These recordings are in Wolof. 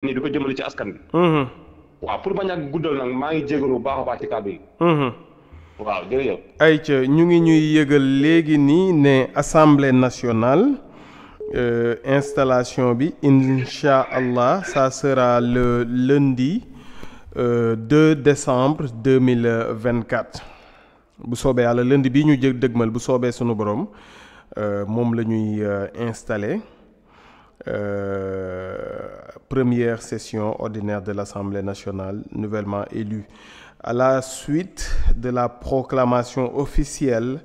nii di ko jëmale ci askan bi mm-hmm. waaw pour bañ a guddal nag maa ngi jégalu bu baax a baax ci kàddu yi mm-hmm. ay ca ñu ngi ñuy yëgal léegi nii ne assemblée nationale euh, installation bi incha allah ça sera le lundi euh, 2 décembre 2024 bu soobee yàlla lundi bii ñu jëg dëgmal bu soobee sunu borom euh, moom la ñuy euh, installé première session ordinaire de l'Assemblée nationale nouvellement élue. À la suite de la proclamation officielle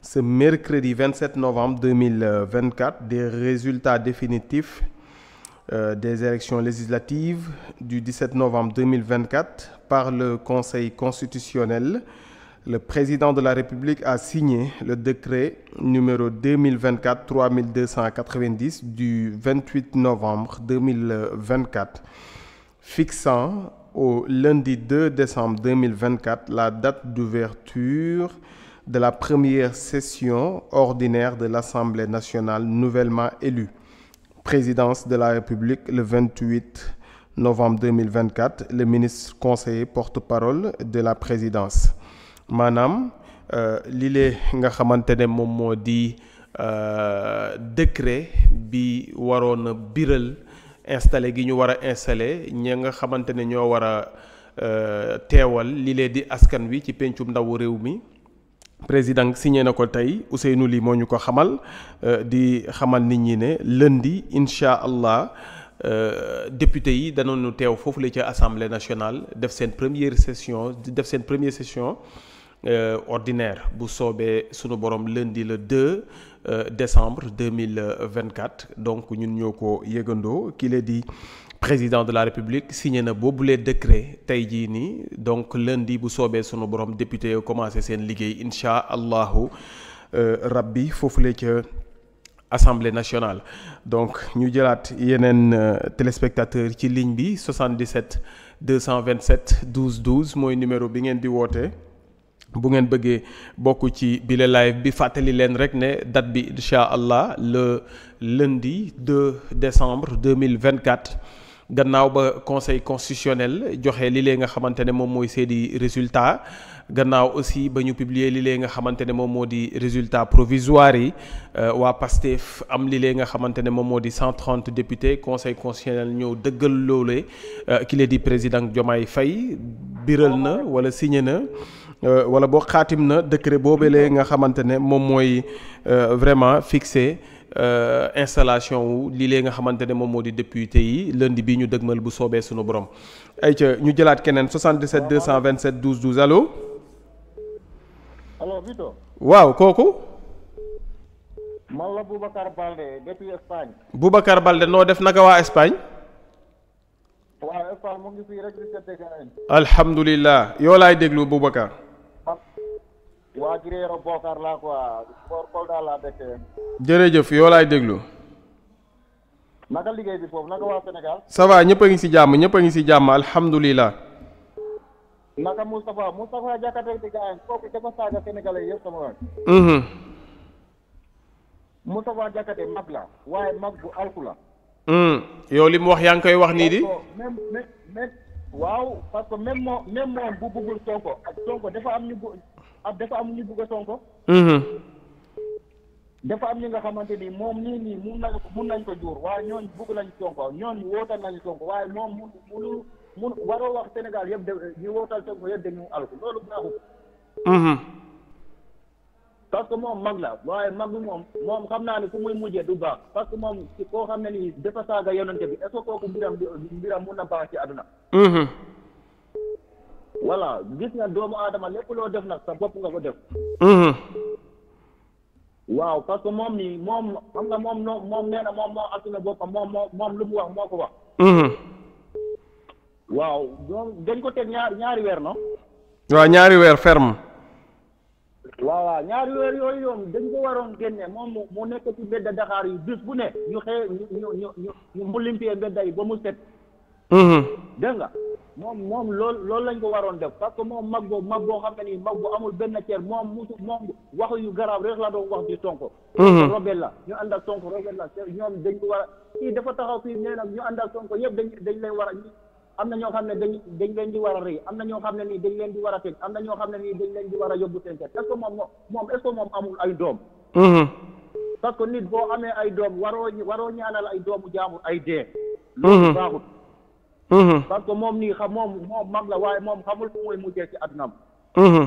ce mercredi 27 novembre 2024 des résultats définitifs euh, des élections législatives du 17 novembre 2024 par le Conseil constitutionnel, Le président de la République a signé le décret numéro 2024-3290 du 28 novembre 2024 fixant au lundi 2 décembre 2024 la date d'ouverture de la première session ordinaire de l'Assemblée nationale nouvellement élue. Présidence de la République le 28 novembre 2024, le ministre conseiller porte-parole de la présidence. maanaam euh, li lee nga xamante ne moom moo di euh, décret bi waroon a biral installé gi ñu war a installé ña nga xamante ne ñoo war a euh, teewal li di askan wi ci pencum ndawu réew mi président signé na ko tey Ousseynou Ly moo ñu ko xamal di xamal nit ñi ne lundi incha allah député yi danoonu teew foofu la ci assemblée nationale def seen première session def seen première session Euh, ordinaire bu soobee sunu borom lundi le 2 euh, décembre 2024 donc ñun ñoo ko yëggandoo ki di président de la république signe na boobule décret tey jii nii donc lundi bu soobee sunu borom député commencé seen liggéey incha allahu euh, rabbi foofule ca. Assemblée nationale donc ñu jëlaat yeneen téléspectateur ci ligne bi 77 227 12 12 mooy numéro bi ngeen di woote bu ngeen bëggee bokk ci bile live bi fàttali leen rek ne date bi incha allah le lundi 2 décembre 2024 gannaaw ba conseil constitutionnel joxe li lee nga xamante ne moom mooy seedi résultat gannaaw aussi ba ñu publier li lee nga xamante ne moom moo di résultat provisoire yi euh, waa PASTEF am li lee nga xamante ne moom moo di cent 130 député conseil constitutionnel ñëw dëggal loole euh, kile di président Diomaye Faye biral na wala signé na Euh, wala boo xaatim na décret boobelee nga xamante ne moom mooy euh, vraiment fixé euh, installation wu lii lee nga xamante ne moom moo di député yi lundi bi ñu dëgmal bu soobee sunu borom. ayca ñu jëlaat keneen 77 227 12 12 allo. allo Vito. waaw kooku. man la Boubacar Balde depuis Espagne. Boubacar Balde noo def naga waa Espagne. waaw Espagne mu ngi fii rek di alhamdulilah yoo laay déglu Boubacar. waa Girero Bokar laa quoi boor Kolda laa dëkkee. jërëjëf yoo laay déglu. naka liggéey bi foofu naka waa Sénégal. ça va a ngi si jàmm ñëpp a ngi si jàmm alhamdulilah. naka Moustapha Moustapha Diakhaté di gars mhm. mhm. li mu wax yaa ngi koy wax nii que même moom dafa am ñu bu ab dafa am ñu bugg a Sonko. Mm-hmm. dafa am ñi nga xamante ni moom nii nii mun ko mun nañ ko jur waaye ñooñ bugg nañ Sonko ñooñ wootal nañ Sonko waaye moom mun munu mun waroo wax Sénégal yëpp de ñu wootal Sonko yëpp dañu alku loolu baaxul. Mm-hmm. parce moom mag la waaye mag bi moom moom xam naa ne fu muy mujjee du baax parce que moom koo xam ne nii dafa saaga yonante bi est-ce que kooku mbiram mbiram mun na baax ci àdduna. Mm-hmm. voilà gis nga doomu aadama lépp loo def nag sa bopp nga ko def. Mm-hmm. waaw parce que moom nii moom xam nga moom noo moom nee moom moo assume boppam moom lu mu wax moo ko wax. Mm-hmm. waaw dañ ko te ñaar ñaari weer no waaw ñaari weer ferme. waaw ñaari weer yooyu yoon dañ ko waroon génne moom mu nekk ci mbedd Dakar yi bis bu ne ñu xëy ñu ñu ñu mu limpee mbedd yi ba mu set. Mm-hmm. dégg nga moom moom lool loolu lañ ko waroon def parce que moom mag boobu mag boo xam ne nii mag bu amul benn ceer moom musu moom wax yu garab rek la doon wax ci Sonko mm-hmm. robel la ñu ànd ak Sonko robel la ñoom dañ ko war a kii taxaw nee na ñu ànd ak Sonko yëpp dañ dañ leen war a am na ñoo xam ne dañ dañ leen di war rëy am na ñoo xam ne nii dañ leen di war a teg am na ñoo xam ne nii dañ leen di war a yóbbu seen est-ce que moom moom est-ce moom amul ay doom mm-hmm. parce que nit boo amee ay doom waroo waroo ñaanal ay doomu jaamur ay dee loolu Mm-hmm. parce que moom nii xam moom moom mag la waaye moom xamul fu muy mujjee ci adnam mm-hmm.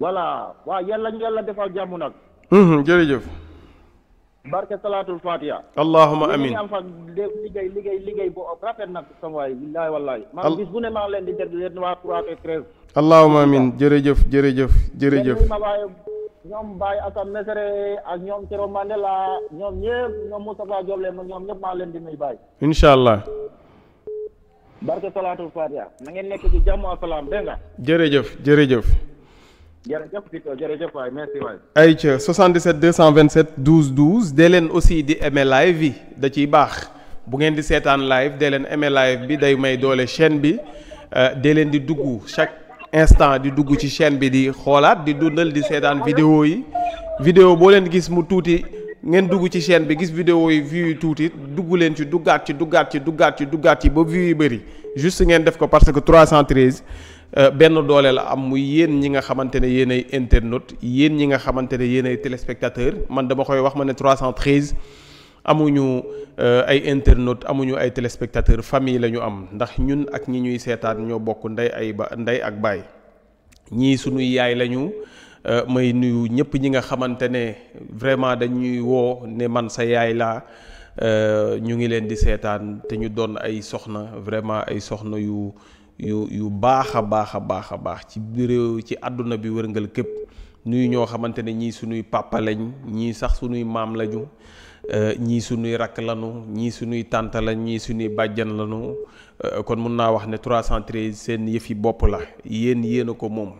voilà waa yàlla ñu yàlla defal jàmm nag mm-hmm. jërëjëf barke salaatul fatiha allahuma amin am fa liggéey liggéey liggéey bu rafet nag sama waay billaahi leen di déglu yéen waa jërëjëf jërëjëf jërëjëf ma waaye ñoom Baye Assane Mesere ak ñoom Cero Mandela ñoom ñëpp ñoom Moustapha Diop leen ñoom ñëpp maa leen di may Baye incha allah barke salaatul fatiha na ngeen nekk ci jàmm ak salaam dégg jërëjëf jërëjëf. jërëjëf Tito jërëjëf waay merci waay. ayca 77 227 12 12 dee leen aussi di aimer live yi da ciy baax bu ngeen di seetaan live dee leen aimer live bi day may doole chaîne bi euh, dee leen di dugg chaque instant di dugg ci chaîne bi di xoolaat di dundal di seetaan vidéo yi vidéo boo leen gis mu tuuti. ngeen dugg ci chaîne bi gis vidéo yi view yi tuuti dugg leen ci duggaat ci duggaat ci duggaat ci ba view yi bëri juste ngeen def ko parce que 313 euh, benn doole la am muy yéen ñi nga xamante ne yéen ay internautes yéen ñi nga xamante ne yéen ay téléspectateurs man dama koy wax ma ne 313 euh, amuñu ay internautes amuñu ay téléspectateurs famille la ñu am ndax ñun ak ñi ñuy seetaan ñoo bokk ndey ay ba ndey ak baay ñii suñuy yaay lañu Euh, may nuyu ñëpp ñi nga xamante ne vraiment dañuy woo ne man sa yaay laa euh, ñu ngi leen di seetaan te ñu doon ay soxna vraiment ay soxna yu yu yu baax a baax a baax a baax ci réew ci àdduna bi wërngël képp nuyu ñoo xamante ne ñii suñuy papa ñii sax suñuy maam euh, lañu ñii sunuy rakk lanu ñii suñuy tànt lañ ñii suñuy bàjjan lanu kon mun naa wax ne 313 seen yëf yi bopp la yéen yéen ko moom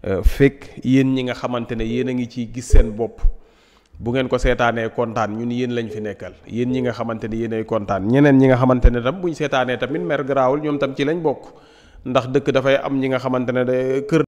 Euh, fekk yéen ñi nga xamante ne yéen a ngi ci gis seen bopp bu ngeen ko seetaanee kontaan ñun yéen lañ fi nekkal yéen ñi nga xamante ne yéen ay kontaan ñeneen ñi nga xamante ne tam ñu seetaanee tamit mer garaawul ñoom tam ci lañ bokk ndax dëkk dafay am ñi nga xamante ne de kër